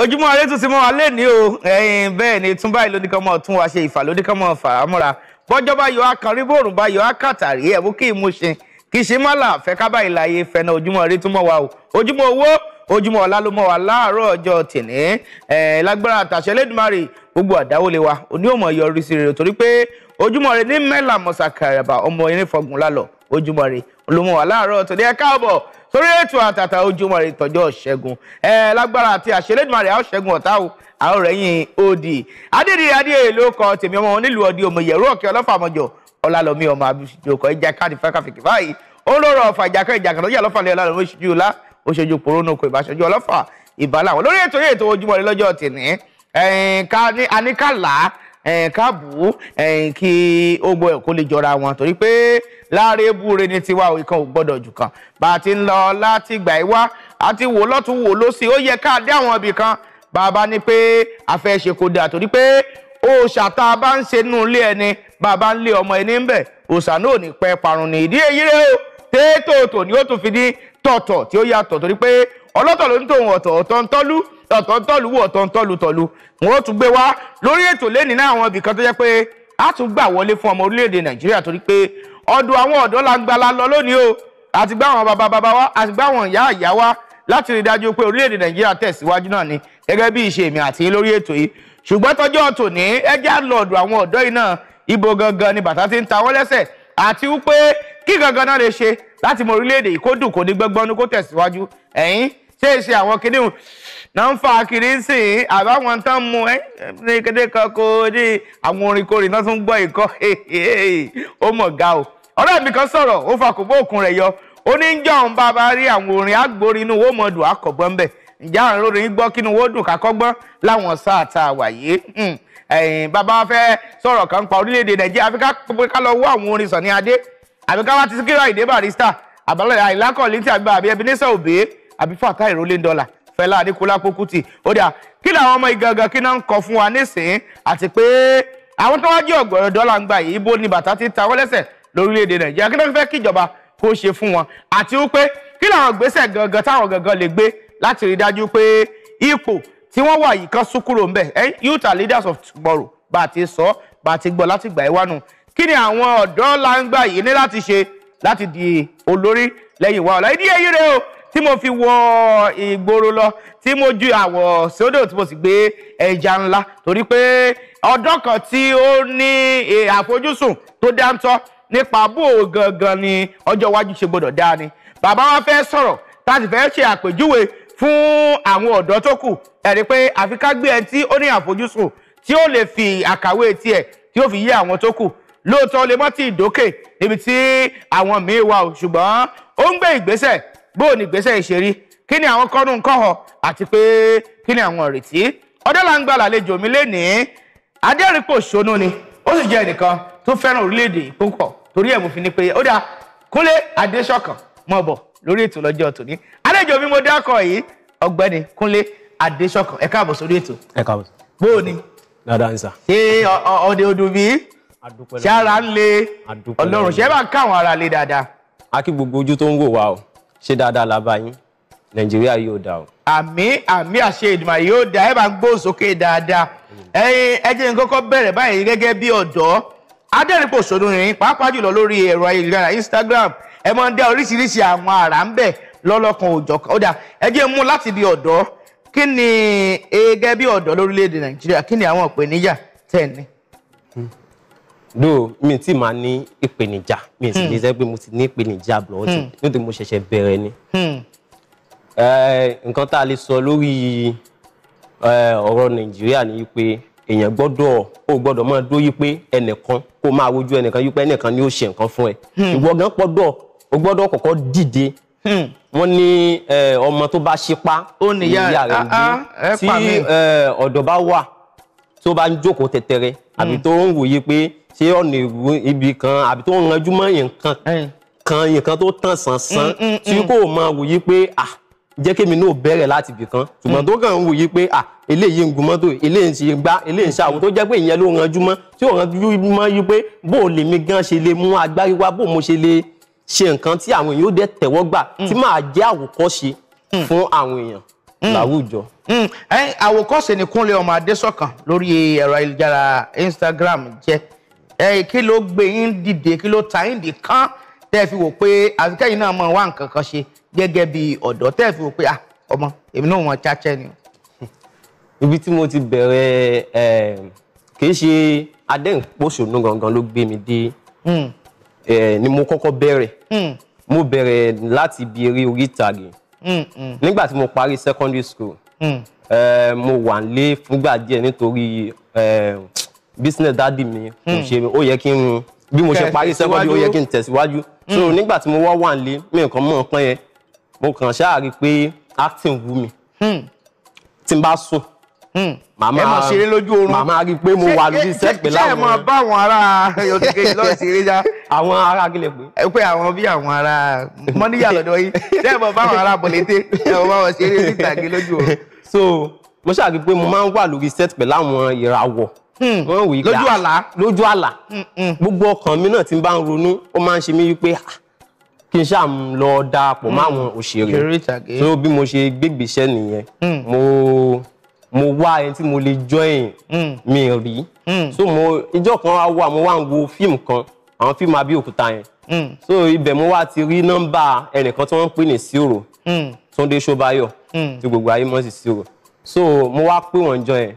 ojúmọ́ ire tún ti mọ́ wa lẹ́ni o ẹ̀yin bẹ́ẹ̀ ni tún báyìí lóníkànmọ́ tún wa ṣe ìfà lóníkànmọ́ fàámúra bọ́jọ́ bá yọ akànrí bòrùn bá yọ akàtàrí ẹ̀wú kí mo ṣe kì í ṣe má là fẹ́ ká báyìí láyé fẹ́nà ojúmọ́ ire tún mọ́ wa o ojúmọ́ owó ojúmọ́ ọ̀la ló mọ́ wa láàárọ̀ ọjọ́ tìní ẹ̀ lágbára àtàṣẹ lẹ́dùnmárì gbogbo àdáwọlé wa òní ò mọ̀ yọrí sí rere torí pé ojúmọ́ ire ní mẹ́là mọ̀sàkàràbà ọmọ irin fọgùn lálọ́ ojúmọ́ ire ló mọ́ wa láàárọ̀ tòní ẹ káàbọ̀ sórí ètò àtàtà ojúmọ́ ire tọjọ́ ṣẹ́gun ẹ lágbára àti àṣẹlẹ́dùmarè àwọn ṣẹ́gun ọ̀tá o àwọn rẹ̀yìn Odi. adédè adéyè ló kọ tèmi ọmọ wọn nílùú ọdí ọmọ ìyẹ̀rú ọ̀kẹ́ ọlọ́fà àmọ́jọ ọlálọ́mí ọmọ abisijó kọ ẹja káàdì fákàfìkì báyìí ó lọ́rọ̀ ọ̀fà ìjàkẹ́ ìjàkẹ́ lọ́jà ọlọ́fà lẹ́yìn ọlọ́run oṣù jùlá oṣooju porónú kò ìbáṣojú ọlọ́fà ìbálà wọn lórí ètò yìí ètò ojúmọ́ ire lọ́jọ́ tèmi káàbù kí ó gbọ́ ẹ̀kọ́ lè jọra wọn torí pé láàrẹ́bùrẹ́ ní tiwa ìkan ò gbọ́dọ̀ jù kan bá a ti ń lọ láti gbà í wá àti wò lọ́tún wò lọ́sì ó yẹ ká dé àwọn ibì kan bàbá ní pé a fẹ́ ṣe kó dáa torí pé òòṣà tá a bá ń ṣe nínú ilé ẹni bàbá ń lé ọmọ ẹni ń bẹ̀ òòṣà náà ní pẹ́ parun ní ìdí èyí rẹ̀ o tètòtò ni ó tún fi ní tọ̀tọ̀ tí ó yàtọ̀ torí pé ọlọ́tọ̀ ló ń tòun ọ̀tọ̀ ọ̀tọ̀ ń tọ́lú ọ̀tọ̀ntọ̀lù wò ọ̀tọ̀ntọ̀lù tọ̀lù wọn ó tún gbé wá lórí ètò lẹ́nìí náà àwọn ibìkan tó jẹ́ pé a tún gbà wọlé fún ọmọ orílẹ̀-èdè nàìjíríà torí pé ọdún àwọn ọ̀dọ́ la ń gbala lọ lónìí o àti gbá àwọn bàbá bàbá wa àti gbá àwọn ìyá ìyá wa láti rí dájú pé orílẹ̀-èdè nàìjíríà tẹ̀síwájú náà ni gẹ́gẹ́ bí ìṣe mi àti lórí ètò yìí ṣùgbọ́n tọjọ́ tòní ẹjẹ́ àlọ́ọ̀dù àwọn ọ̀dọ́ yìí náà ibo gangan ni bàtà ti ń ta wọ́n lẹ́sẹ̀ àti wípé kí gangan náà lè ṣe láti mọ orílẹ̀-èdè yìí kó dùn kó ní gbẹ́gbọ́nú kó tẹ̀síwájú ẹ̀yìn ṣe é ṣe àwọn kìnìún náà ń fa kiri sí i àbáwọn tán mú ẹ ní kété kan kó ní àwọn orin kórè náà tún gbọ́ ìkọ́ ó mọ̀ ga o ọ̀rẹ́ mi kan sọ̀rọ̀ ó fa kò bó òkun rẹ̀ yọ ó ní jọ òun bá bá rí àwọn orin agbórin inú owó mọ̀dùn akọ̀gbọ́n ń bẹ̀ ǹjẹ́ àrùn lórin gbọ́ kí inú owó dùn kákọ́gbọ́n láwọn sáà tá a wà yìí hmm. ẹ̀yìn bàbá fẹ́ sọ̀rọ̀ kan pa orílẹ̀-èdè nàìjíríà àfi ká lọ wọ àwọn orin Sọ̀ní Adé àbí ká wá ti Síkírù Àyìndé Barrister àbálọ̀ àìlákọ̀ọ́lẹ́tì àbí Ebenezer Obey àbí Fatai Rolling Dollar Fẹlá Adékúnlápó Kútì ó dà kí làwọn ọmọ igangan kí náà ń kọ fún wa nísìnyí àti pé àwọn tó wá jẹ́ ọ̀gọ̀rọ̀ dọ́là ń gbà yìí ibo ni bàtà ti ta wọ́n lẹ́sẹ̀ lórílẹ̀‐èdè Nàìjíríà kí náà fẹ́ kíjọba kó ṣe fún wọn àti wípé kí làwọn gbèsè gangan táwọn gangan lè gbé láti rí dájú pé ipò tí wọ́n wà yìí kan sún kúrò ń bẹ̀ youth are leaders of tomorrow bá a ti sọ bá a ti gbọ́ láti gbà ìwánu kí ni àwọn ọ̀dọ́ langba yìí ní láti ṣe láti di olórí lẹ́yìn wa ọ̀la ìdí èyí rẹ o tí mo fi wọ ìgboro lọ tí mo ju àwọ̀ sódò tí mo sì gbé ẹja ńlá torí pé ọdún kan tí ó ní e, àfojúsùn tó dáńtọ́ nípa bó gangan ni ọjọ́ iwájú ṣe gbọdọ̀ dá ni bàbá wa fẹ́ sọ̀rọ̀ tá a sì fẹ́ ṣe àpèjúwe fún àwọn ọ̀dọ́ tó kù ẹ̀rí pé àfi ẹni tí ó ní àfojúsùn tí ó lè fi àkàwé tiẹ̀ tí ó fi yé àwọn tó kù lóòótọ́ lè mọ́ ti ìdókè níbi tí àwọn míín wà ṣùgbọ́n ó ń gbé ìgbésẹ̀ bóò ní ìgbésẹ̀ ìṣerí kí ni àwọn kọ́nù ń kọ́họ àti pé kí ni àwọn ìrètí ọ̀dọ́làǹgbà làlejò mi lénìí adẹ́rìnpòṣónú ni ó sì jẹ́ ẹnìkan tó fẹ́ràn orílẹ̀-èdè púpọ̀ torí ẹ̀ mo fi ní pé ó dáa Kúnlé Adéṣọ̀kan mọ̀ bọ̀ lórí ètò lọ́jọ́ tòní àlejò mi mo dákọ̀ yìí ọ̀gbẹ́ni Kúnlé Adéṣọ̀kan ẹ káàbọ̀ sórí ètò. ẹ káàbọ̀ bóò ni. dáadáa ń sà. ṣé ọdẹ odò bí. ṣé ara ń le Ọlọ́run ṣé bá ń ká àwọn ara le dáadáa. a kí gbogbo ojú tó ń wò wá o se dáadáa la bá yín nàìjíríà yóò dà o. àmì àmì àṣẹ Èdùmàrè yóò dà ẹ bá ń gbóhùn sókè dáadáa ẹ̀yin ẹ jẹ́ n kọ́kọ́ báyìí bí Instagram ẹ máa ń dá oríṣiríṣi àwọn àrà ń bẹ̀ lọ́lọ́kan òjọ̀kan ó dà mú láti bí kí ni e, bí do mi ti ma ní ìpèníjà mi sì lè hmm. sẹ́ pé mo ti ní ìpèníjà bọ̀ hmm. nítorí mo ṣẹ̀ṣẹ̀ bẹ̀rẹ̀ ni. Hmm. nǹkan tá a lè sọ lórí ọ̀rọ̀ nàìjíríà ni pé èèyàn gbọ́dọ̀ ó gbọ́dọ̀ máa dóyí pé ẹnìkan kó máa wojú ẹnìkan yí pé ẹnìkan ni o ṣe nǹkan fún ẹ ìwọ gan gbọ́dọ̀ o gbọ́dọ̀ kọ́kọ́ dìde wọ́n ní ọmọ tó bá ṣe pa ìyá rẹ̀ ń gbé ah, ah, tí ọ̀dọ̀ bá wà tí ó bá ń jókòó tẹtẹrẹ àbí mm. tó ń wòye pé ṣé ọ̀nà ibi kan àbí tó ń ranjú mọ́ nǹkan mm. kan nǹkan tó tàn sánsan mm, tí kò máa wòye pé ah jẹ́ kémi náà bẹ̀rẹ̀ láti ibì kan ṣùgbọ́n tó kàn ń wòye pé à eléyìí ń gun mọ́tò eléyìí ń ṣe gbá eléyìí ń ṣe àwọn tó jẹ́ pé ìyẹn ló ranjú mọ́ tí ò ranjú mọ́ yí pé bó o lèmi gan ṣe lè mú agbárí wá bó o mo ṣe lè ṣe nǹkan tí àwọn èèyàn ó dẹ̀ tẹ̀wọ́ gbà tí màá jẹ́ àwòkọ́ṣe fún àwọn èèyàn. Mm. láwùjọ. Mm. àwòkọ́ṣe ni Kúnlé ọmọ Adésọ̀kan lórí ẹ̀rọ ayélujára Instagram jẹ́ kí ló gbé yín dìde kí ló ta yín dì kán tẹ́ fi wò pé àfikẹ́yìn náà mọ̀ wá nǹkan kan ṣe gẹ́gẹ́ bí ọ̀dọ́ tẹ́ fi wò pé ọmọ èmi náà wọn cháchẹ́ ni. ibi tí mo ti bẹ̀rẹ̀ kì í ṣe adẹ́ǹpọ̀ṣọ́nù gangan ló gbé mi dé mm. ni mo kọ́kọ́ bẹ̀rẹ̀ mo bẹ̀rẹ̀ láti ibi eré orí ìtàgé Mm, mm. nígbà tí mo parí secondary school mm. eh, mo wà nílé fúngbà díẹ̀ nítorí eh, business dádì mi kò ṣe ó yẹ kí n bí mo ṣe parí secondary ó yẹ kí n tẹ̀síwájú so nígbà tí mo wá wà nílé mi nǹkan mọ̀ ọ́n pẹ́ yẹn mo kàn ṣáà rí i pé acting wù mí tí n bá sùn Hmm. màmá ẹ mọ ṣeré lójú oorun màmá rí i pé mo wà lórí iṣẹ́ pé láwọn. ṣé ẹ mọ bá àwọn ará yòókè lọ ṣeré já. àwọn ará kí lè pè. ẹ pé àwọn bí àwọn ará mọ́níyà lọ́dọ̀ yìí ṣé ẹ mọ bá àwọn ará bọ̀lété ṣé ẹ mọ bá wọn ṣeré nítàgé lójú oorun. so mo ṣáà rí pé mo máa ń wà lórí iṣẹ́ pẹ̀lú àwọn ìràwọ̀ hmm. wọ́n wò ìgbà lójú ah, àlá lójú àlá hmm, gbogbo ọkàn mi náà ti bá ń ronú ó máa ń ṣe mí wípé ah, kí n ṣáà lọ darapọ̀ máwọn òṣèré so bí mo ṣe gbégbèṣẹ́ nìyẹn mo mo wá ẹni tí mo lè join hmm. mi rí hmm. so mo ìjọ kan wá wà mo wá ń wo fíìmù kan àwọn fíìmù Abẹ́òkúta yẹn hmm. so ibẹ̀ mo wá ti rí nọ́mbà ẹnìkan tí wọ́n ń pè ní Siro Túndé Ṣóbáyọ̀ tí gbogbo ayé mọ̀ sí Siro so mo wá pè wọ́n jọ yẹn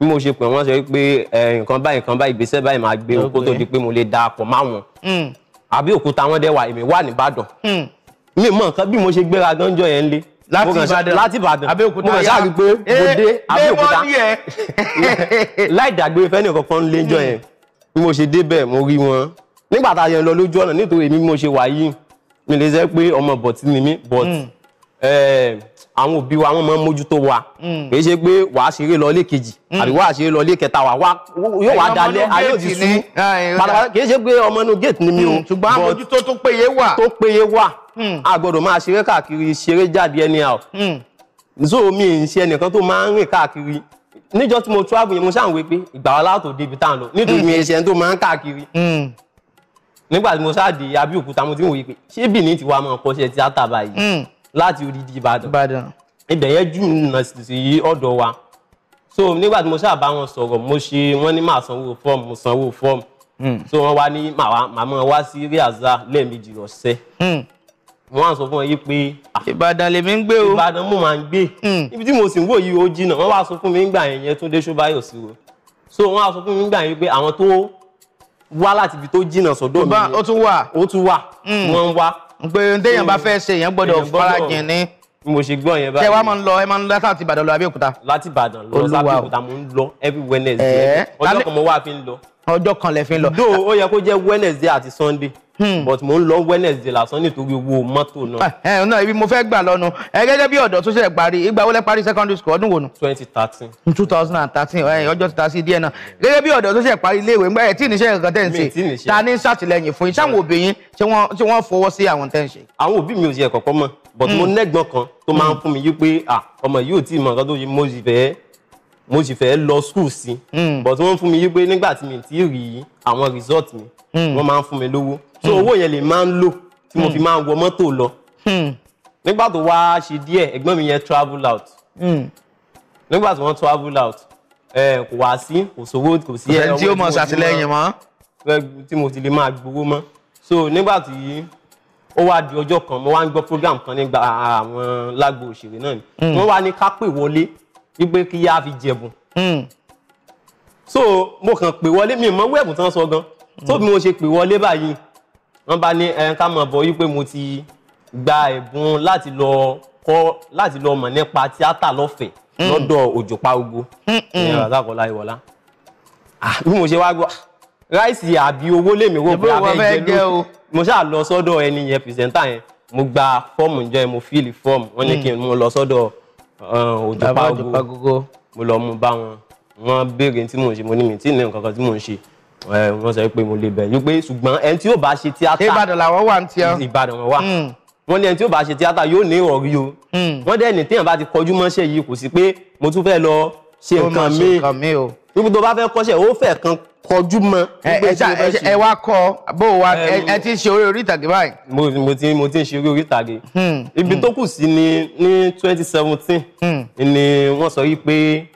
bí mo ṣe pè wọ́n sọ pé nǹkan báyìí nǹkan báyìí ìgbésẹ̀ báyìí máa gbé kó tó di pé mo lè darapọ̀ máwọn Abẹ́òkúta wọn dẹ̀ wà èmi wà nìbàdàn mi mọ̀ nǹkan bí mo ṣe gbéra gánjọ́ yẹn lé láti ìbàdàn láti ìbàdàn abẹ́òkúta yá mo gbé eh, mo dé eh, eh, abẹ́òkúta láì dàgbé fẹ́ nìkan fọ́n lé jọ yẹn bí mo ṣe débẹ̀ mo rí wọn nígbà tá a yẹn lọ lójú ọ̀nà nítorí èmi mo ṣe wà yìí mi lè sẹ́ pé ọmọ bọ̀tí ni mí but hmm. àwọn òbí wa wọn máa ń mójútó wa hmm. kì í ṣe pé wàá ṣeré lọ ilé kejì hmm. àbí wàá ṣeré lọ ilé kẹta wa yóò wá dalẹ̀ ayé òtí sú ah, kì í ṣe pé ọmọ inú gate ni mi o ṣùgbọ́n àmójútó tó péye wà tó péye wà Hmm. a gbọ́dọ̀ máa ṣeré káàkiri ṣeré jáde anyhow hmm. so mi ń ṣe ẹnìkan tó máa ń rìn káàkiri níjọ tí mo travel yẹn mo ṣáà ń wé pé ìgbà wa látò débi tá à ń lọ nítorí hmm. mi ẹṣẹ tó máa ń káàkiri nígbà tí mo ṣáà dé Abẹ́òkúta mo ti ń wòye pé ṣé Benin ti wá máa kọ́ṣẹ́ tíátà báyìí láti odidi Ìbàdàn ibẹ̀ yẹn jù nà sí ọ̀dọ̀ wa so nígbà tí mo ṣáà bá wọn sọ̀rọ̀ mo ṣe wọ́n ní màá sanwó fọ́ọ̀mù mo sanwó fọ́ọ̀mù so wọ́n wá ní màmá wá sí rí àzá lẹ́ẹ̀mejì lọ́sẹ̀ wọ́n á sọ fún ẹ pé. Ah, ìbàdàn lèmi ń gbé o ìbàdàn mo máa ń gbé hmm. ibi tí mo sì ń wò yìí ó jìnnà wọ́n wá sọ fún mi ńgbà yẹn Túndé Ṣóbáyọ̀ sí o so wọ́n á sọ fún mi ńgbà yẹn pé àwọn tó wá láti ibi tó jìnnà sọ́dọ̀ mi ó tún wà ó tún wà hmm. wọ́n ń wá. pé téèyàn bá fẹ́ ṣe èèyàn gbọ́dọ̀ farajìn ni mo ṣe gbọ́ yẹn báyìí. tẹ wá máa ń lọ ẹ máa ń lọ láti ìbàdàn lọ abẹ́òkúta. ọjọ́ kan lẹ fi ń lọ. dóò ó yẹ kó jẹ́ wednesday àti sunday Hmm. but mo ń lọ Wednesday lásán nítorí owó mọ́tò náà. ẹ ẹ náà ibi mo fẹ́ gbà lọ́nu ẹ eh, gẹ́gẹ́ bí ọ̀dọ́ tó ṣẹ̀ parí ìgbà wo lẹ parí secondary school ọdún wo nu. twenty thirteen. two thousand and thirteen ẹ eh, ọjọ́ ti ta sí díẹ̀ náà gẹ́gẹ́ bí ọ̀dọ́ tó ṣẹ̀ parí ilé ìwé ńgbà ẹ̀ tí ìníṣẹ́ kankan tẹ̀ ń ṣe ta ní sàtìlẹ́yìn fún yín sáwọn òbí yín ṣé wọ́n fọwọ́ sí àwọn tẹ̀ ń ṣe. àwọn òbí mi ò ṣe ẹ̀kọ́kọ́ mọ́ but mo hmm. nẹ́gbọ́n kan tó máa ń hmm. fún mi yí pé ah, ọmọ yóò tí ì mọ nǹkan tó yẹ mo sì fẹ́ mo sì fẹ́ lọ school sí hmm. but wọ́n fún mi yí pé nígbà tí mi ti rí àwọn result mi hmm. wọ́n máa ń fún mi lówó so hmm. owó yẹn lè máa ń lò tí mo fi máa ń wọ mọ́tò lọ nígbà tó wá ṣe díẹ̀ ẹ̀gbọ́n mi yẹn travel out nígbà tí wọ́n travel out kò wá sí kò sówó kò sí ẹ̀ ọwọ́ tí mo ti máa tí mo ti lè máa gbowó mọ́ so nígbà tí ó wá di ọjọ́ kan mo wá ń gbọ́ program kan nígbà àwọn lágbo òṣèré náà ni wọ́n wá ní ká pè wọlé wípé kí yá fi jẹ̀bùn. Hmm. so mo kàn pè wọlé mi mọ wẹ́ẹ̀bù tán sọ gan tó bí mo ṣe pè wọlé báyìí wọ́n bá ní ẹ̀ ká mọ̀ bọ̀ wípé mo ti gba ẹ̀bùn láti lọ kọ́ láti lọ mọ̀ nípa tíátà lọ́fẹ̀ẹ́ hmm. lọ́dọ̀ Òjó Pawugo ní Razakọlá Ìwọlá bí mo ṣe wá gbọ́ ráìsì àbí owó lèmi wò pé abẹ́ jẹ ló mo ṣáà lọ sọ́dọ̀ ẹni yẹn pìrìsẹ́ńtà yẹn mo gba fọ́ọ̀mù jẹ́ mo fíìlì fọ́ọ̀mù wọ́n ní hmm. kí n mú lọ sọ́dọ̀ òjò pagogo mo lọ mú bá wọn wọn béèrè tí mò ń ṣe mo ní mi tí ní nǹkan kan tí mò ń ṣe wọn sọ pé mo lè bẹ̀ yín pé ṣùgbọ́n ẹni tí yóò bá ṣe tíátà Ìbàdàn làwọn wà ń tiẹ́ Ìbàdàn wọn wà hmm. wọ́n ní ẹni tí ó bá ṣe tíátà yóò ní ìrọ̀rí o hmm. wọ́n dẹ̀ ní téèyàn bá ti kọjú mọ́ṣẹ́ yìí kò sí pé mo tún fẹ́ lọ ṣe nǹkan mi ibi tó bá fẹ́ kọ́ṣẹ́ ó fẹ́ kan kọjú mọ́. ẹ wá kọ bó o wá ẹ ti ṣe orí orí ìtàgé báyìí. mo ti mo ti ń ṣe orí orí ìtàgé hmm. ibi hmm. tó kù sí ni ní twenty seventeen hmm. ni wọ́n sọ yìí pé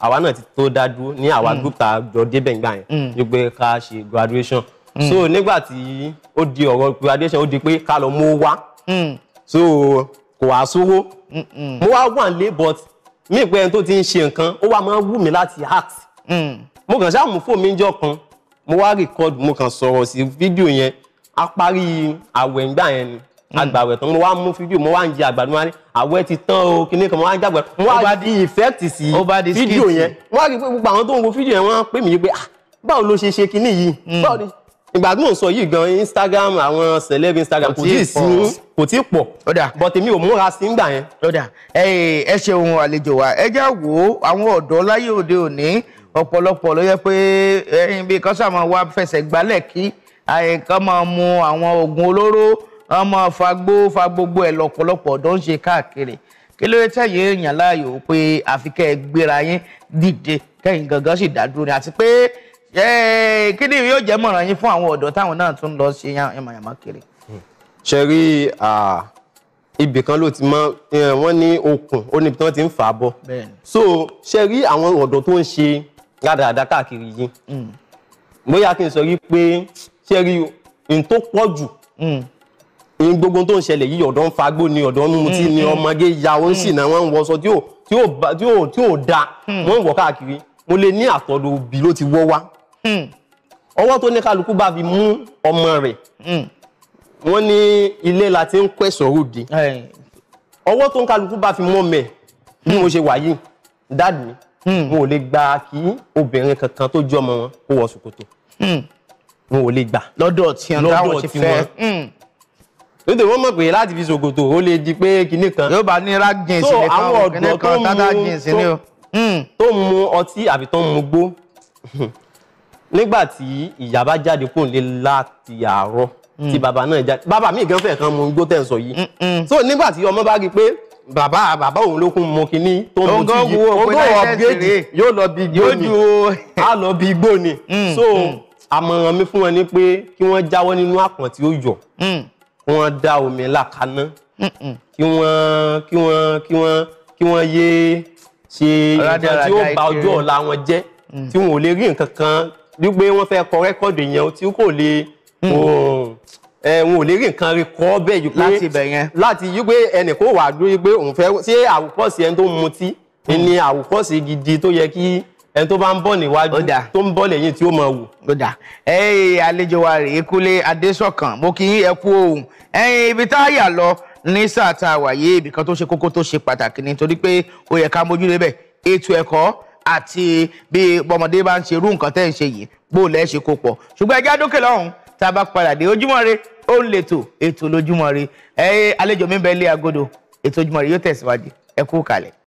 àwa náà ti tó dá dúró ní àwa group tá a jọ débẹ̀ nígbà yẹn ni pé ká ṣe graduation so nígbà tí ó di ọ̀rọ̀ graduation ó di pé ká lọ mú wá so kò wá sówó mo wá wà ń lé but mí pé ẹni tó ti ń ṣe nǹkan ó wá máa ń wù mí láti act hmm. mo kàn ṣáà mú fóònù mi jọ kan mo wá record mo kàn sọ̀rọ̀ sí fídíò yẹn a parí àwẹ̀ ńgbà yẹn ni agbàwẹ̀ hmm. tán mo wá mú fídíò mo wá ń jẹ àgbàdo wá ní àwẹ̀ ti tán o kíní kan mo wá ń jàgbẹ̀ mo wá di effect sí fídíò yẹn mo wá rí i pé gbogbo àwọn wo fídíò yẹn wọ́n pè mí pé ah báwo ló ṣe ṣe kíní yìí hmm. báwo ìgbà tí mò ń sọ yìí gan instagram àwọn celeb instagram kò tíì sí kò tíì pọ̀ but èmi ò múra sí ń gbà yẹn. lọ́dà ẹ ṣeun àlejò wa ẹ já wo àwọn ọ̀dọ́ láyé òde òní ọ̀pọ̀lọpọ̀ ló yẹ pé ẹyin bíi kọ́sà máa wá fẹsẹ̀ gbálẹ̀ kí àìkán máa mu àwọn oògùn olóró wọn máa fagbó fa gbogbo ẹ̀ lọ́pọ̀lọpọ̀ ọ̀dọ́ ń ṣe káàkiri kí ló tẹ̀yìn èèyàn láàyò pé àfikẹ́ gbéra yín dìde kẹ́yìn gangan sì dádúró ni àti pé kí ni yóò jẹ́ mọ̀ràn yín fún àwọn ọ̀dọ́ táwọn náà tún lọ ṣe yàmàyàmà kiri. ṣe rí ibì kan ló ti mọ wọn ní okùn ó níbi tí wọn ti ń fà á bọ so ṣe rí àwọn ọ̀dọ́ tó ń ṣe rádaràda káàkiri yìí hmm. bóyá kí n sọ rí pé ṣe rí n tó pọ̀ jù hmm. ní gbogbo tó ń ṣẹlẹ̀ yìí ọ̀dọ́ ń fagbó ni ọ̀dọ́ ń mutí ni hmm. ọmọge ya ó ń sì náà wọ́n ń wọṣọ tí ò tí tí ò da wọ́n ń wọ káàkiri mo lè ní àtọ̀dọ̀ òbí ló ti wọ́ wá Hmm. ọwọ́ tó ní kálukú bá fi mú ọmọ rẹ̀ hmm. wọ́n ní ilé la ti ń kọ́ ẹ̀sọ́ òde ọwọ́ tó ń kálukú bá fi mọ́ mẹ́ bí mo hmm. ṣe wà yìí dáàdì mi ò lè gba kí obìnrin kankan tó jẹ́ ọmọ wọn kó wọ ṣòkòtò mo ò lè gbà lọ́dọ̀ tí wọn táwọn ti fẹ́ lóde wọn mọ̀ pé láti fi ṣòkòtò ó lè di pé kinní kan yóò bá ní rágìn sí nìkan ọ̀gbìn kan tátà gìn sí o tó mu ọtí àbí tó mu gbó nígbà tí ìyá bá jáde kúrò nílé láti àárọ̀ tí mm. bàbá náà jáde bàbá mi gan fẹ́ kan mu igbó tẹ̀ ń sọ yìí so nígbà tí ọmọ bá rí i pé bàbá bàbá òun ló kún mu kínní tó mu ti yí ogó ọ̀bẹ́ẹ̀dì yóò lọ bí igbó ni á lọ bí igbó ni mm, so mm. àmọ̀ràn mi fún wọn ni pé kí wọ́n jáwọ́ nínú àpọ̀n tí ó yọ̀ kí wọ́n dá omi ńlá kaná kí wọ́n kí wọ́n kí wọ́n kí wọ́n yé ṣe nǹkan tí ó bà ọjọ́ ọ̀la wọn jẹ́ tí wọn ò lè rí nǹkan kan wípé wọ́n fẹ́ kọ rẹ́kọ̀dù yẹn tí kò lè hmm. wọn ò lè rí nǹkan rí kọ́ bẹ́ẹ̀ yìí pé láti ibẹ̀ yẹn láti yìí pé ẹnì kó wà dúró yìí pé òun fẹ́ ṣé àwòkọ́sí ẹni tó ń mutí hmm. ni àwòkọ́sí gidi tó yẹ kí ẹni tó bá ń bọ̀ níwájú tó ń bọ̀ lẹ́yìn tí ó máa wù. lọ́dà ẹ̀yìn àlejò wa rèé Kúnlé Adésọ̀kan mo kì í ẹ kú ohun ẹ̀yìn ibi tá a yà lọ ní sáà tá a wà yé ibìkan tó ṣe kókó tó ṣe pàtàkì nítorí pé ó yẹ ká mójú lébẹ̀ ètò ẹ̀kọ́ àti bí bọ́mọdé bá ń ṣe irú nǹkan tẹ́ ń ṣe yìí bó lẹ́ ṣe kó pọ̀ ṣùgbọ́n ẹjẹ́ àdókè lọ́hùn tá a bá padà dé ojúmọ́ re ó ń lètò ètò lójúmọ́ re ẹ àlejò mi bẹ́ẹ̀ lé agodo ètò ojúmọ́ re yóò tẹ̀síwájú ẹ kú kalẹ̀.